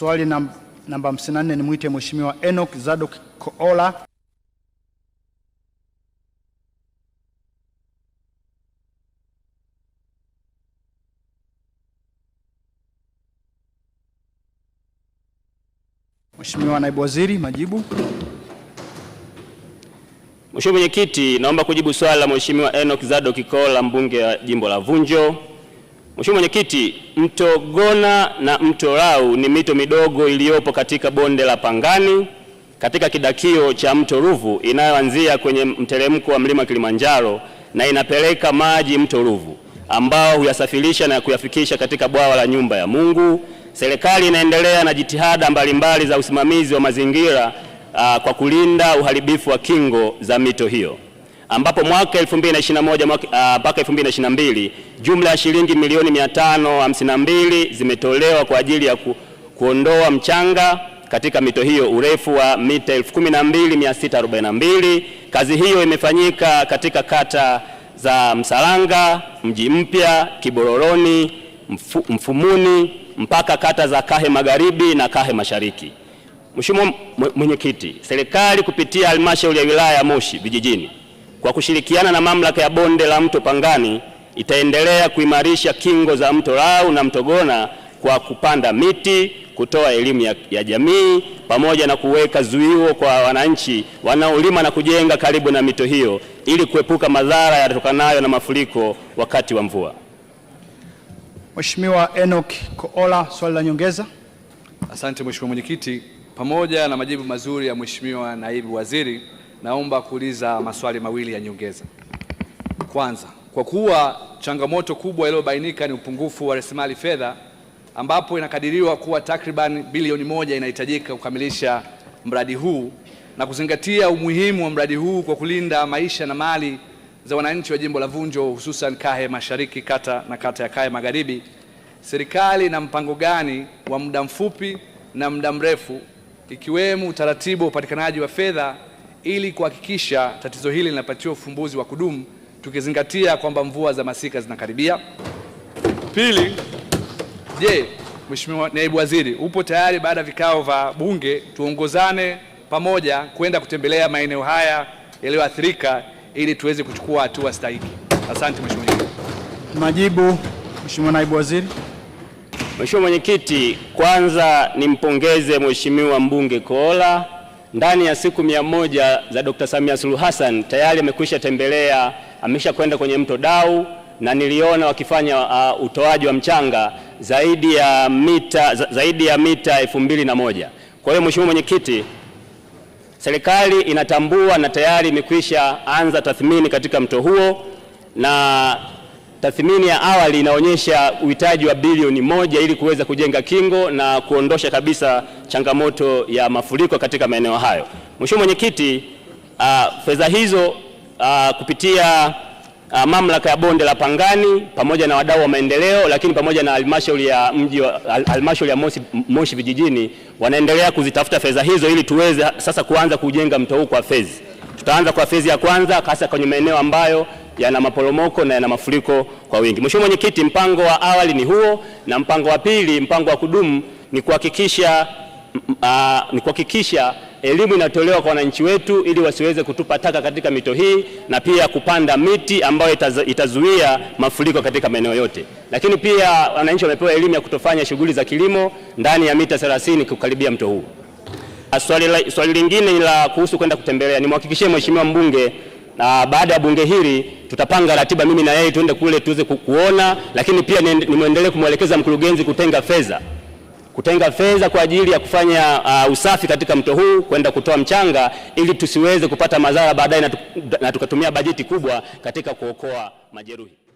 Swali namba 54 nimwite Mheshimiwa Enoch Zadok Koola. Mheshimiwa Naibu Waziri, majibu. Mheshimiwa Mwenyekiti, naomba kujibu swali la Mheshimiwa Enoch Zadok Koola mbunge wa jimbo la Vunjo Mheshimiwa Mwenyekiti, mto Gona na mto Rau ni mito midogo iliyopo katika bonde la Pangani katika kidakio cha mto Ruvu inayoanzia kwenye mteremko wa mlima Kilimanjaro na inapeleka maji mto Ruvu ambao huyasafirisha na kuyafikisha katika bwawa la Nyumba ya Mungu. Serikali inaendelea na jitihada mbalimbali za usimamizi wa mazingira aa, ah, kwa kulinda uharibifu wa kingo za mito hiyo ambapo mwaka 2021 uh, mpaka 2022 jumla ya shilingi milioni 552 zimetolewa kwa ajili ya ku, kuondoa mchanga katika mito hiyo urefu wa mita 12642. Kazi hiyo imefanyika katika kata za Msalanga, Mji Mpya, Kibororoni, Mfu, Mfumuni mpaka kata za Kahe Magharibi na Kahe Mashariki. Mheshimiwa Mwenyekiti, serikali kupitia halmashauri ya wilaya ya Moshi vijijini kwa kushirikiana na mamlaka ya bonde la mto Pangani itaendelea kuimarisha kingo za mto Rau na mto Gona kwa kupanda miti, kutoa elimu ya, ya jamii pamoja na kuweka zuio kwa wananchi wanaolima na kujenga karibu na mito hiyo ili kuepuka madhara yatokanayo na mafuriko wakati wa mvua. Mheshimiwa Enoch Koola, swali la nyongeza. Asante Mheshimiwa Mwenyekiti, pamoja na majibu mazuri ya Mheshimiwa Naibu Waziri naomba kuuliza maswali mawili ya nyongeza. Kwanza, kwa kuwa changamoto kubwa iliyobainika ni upungufu wa rasilimali fedha ambapo inakadiriwa kuwa takriban bilioni moja inahitajika kukamilisha mradi huu na kuzingatia umuhimu wa mradi huu kwa kulinda maisha na mali za wananchi wa jimbo la Vunjo hususan Kahe Mashariki kata na kata ya Kahe Magharibi, serikali na mpango gani wa muda mfupi na muda mrefu ikiwemo utaratibu wa upatikanaji wa fedha ili kuhakikisha tatizo hili linapatiwa ufumbuzi wa kudumu, tukizingatia kwamba mvua za masika zinakaribia. Pili, je, Mheshimiwa Naibu Waziri, upo tayari baada ya vikao vya Bunge tuongozane pamoja kwenda kutembelea maeneo haya yaliyoathirika ili tuweze kuchukua hatua stahiki? Asante Mheshimiwa. Majibu. Mheshimiwa Naibu Waziri. Mheshimiwa Mwenyekiti, kwanza nimpongeze Mheshimiwa mbunge Koola ndani ya siku mia moja za Dr. Samia Suluhu Hassan tayari amekwisha tembelea, amesha kwenda kwenye mto Dau na niliona wakifanya uh, utoaji wa mchanga zaidi ya mita, zaidi ya mita elfu mbili na moja. Kwa hiyo Mheshimiwa Mwenyekiti, serikali inatambua na tayari imekwisha anza tathmini katika mto huo na Tathmini ya awali inaonyesha uhitaji wa bilioni moja ili kuweza kujenga kingo na kuondosha kabisa changamoto ya mafuriko katika maeneo hayo. Mheshimiwa Mwenyekiti, uh, fedha hizo uh, kupitia uh, mamlaka ya bonde la Pangani pamoja na wadau wa maendeleo, lakini pamoja na halmashauri ya mji wa halmashauri ya Moshi, Moshi vijijini wanaendelea kuzitafuta fedha hizo ili tuweze sasa kuanza kujenga mto huu kwa fezi. Tutaanza kwa fezi ya kwanza hasa kwenye maeneo ambayo yana maporomoko na yana mafuriko kwa wingi. Mheshimiwa Mwenyekiti, mpango wa awali ni huo, na mpango wa pili, mpango wa kudumu ni kuhakikisha uh, ni kuhakikisha elimu inatolewa kwa wananchi wetu ili wasiweze kutupa taka katika mito hii na pia kupanda miti ambayo itazuia mafuriko katika maeneo yote. Lakini pia wananchi wamepewa elimu ya kutofanya shughuli za kilimo ndani ya mita 30 kukaribia mto huu. Swali, swali lingine ni la kuhusu kwenda kutembelea. Nimhakikishie Mheshimiwa mbunge na baada ya bunge hili tutapanga ratiba, mimi na yeye tuende kule tuweze kuona, lakini pia nimwendelee kumwelekeza mkurugenzi kutenga fedha kutenga fedha kwa ajili ya kufanya uh, usafi katika mto huu kwenda kutoa mchanga ili tusiweze kupata madhara baadaye na tukatumia bajeti kubwa katika kuokoa majeruhi.